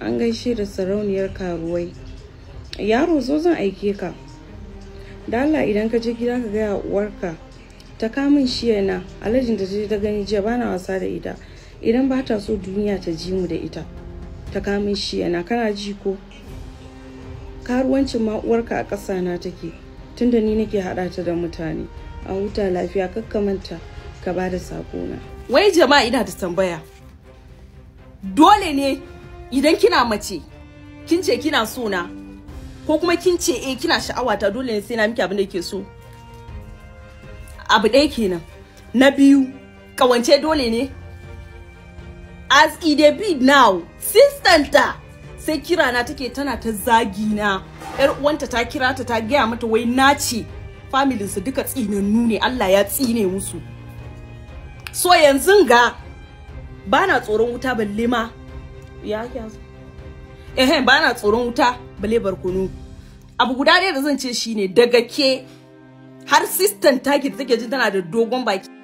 an gaishe da sarauniyar karuwai yaro zo zan aike ka da Allah idan ka je gida ka gaya uwarka ta kamun shi yana alajin da ta gani jiya bana wasa da ita idan ba ta so duniya ta ji mu da ita ta kamun shi yana kana ji ko karuwancin ma uwarka a ƙasa na take tunda ni nake haɗa ta da mutane a huta lafiya kakkamanta manta ka ba da sakona wai jama'a ina da tambaya dole ne idan kina mace kin ce kina so ko kuma kin ce eh kina sha'awata dole ne sai na miki abin da yake so abu ɗaya kenan na biyu kawance dole ne as e dey be now ta. sai kira na take tana ta zagi na yar uwanta ta kira ta ta gaya mata wai na ce familin su duka tsinannu ne Allah ya tsine musu so yanzu ga bana tsoron wuta balle ma ya ehe ba na tsoron wuta bale barkunu abu guda ɗaya da zan ce shine daga ke har sistan taki da take jin tana da dogon baki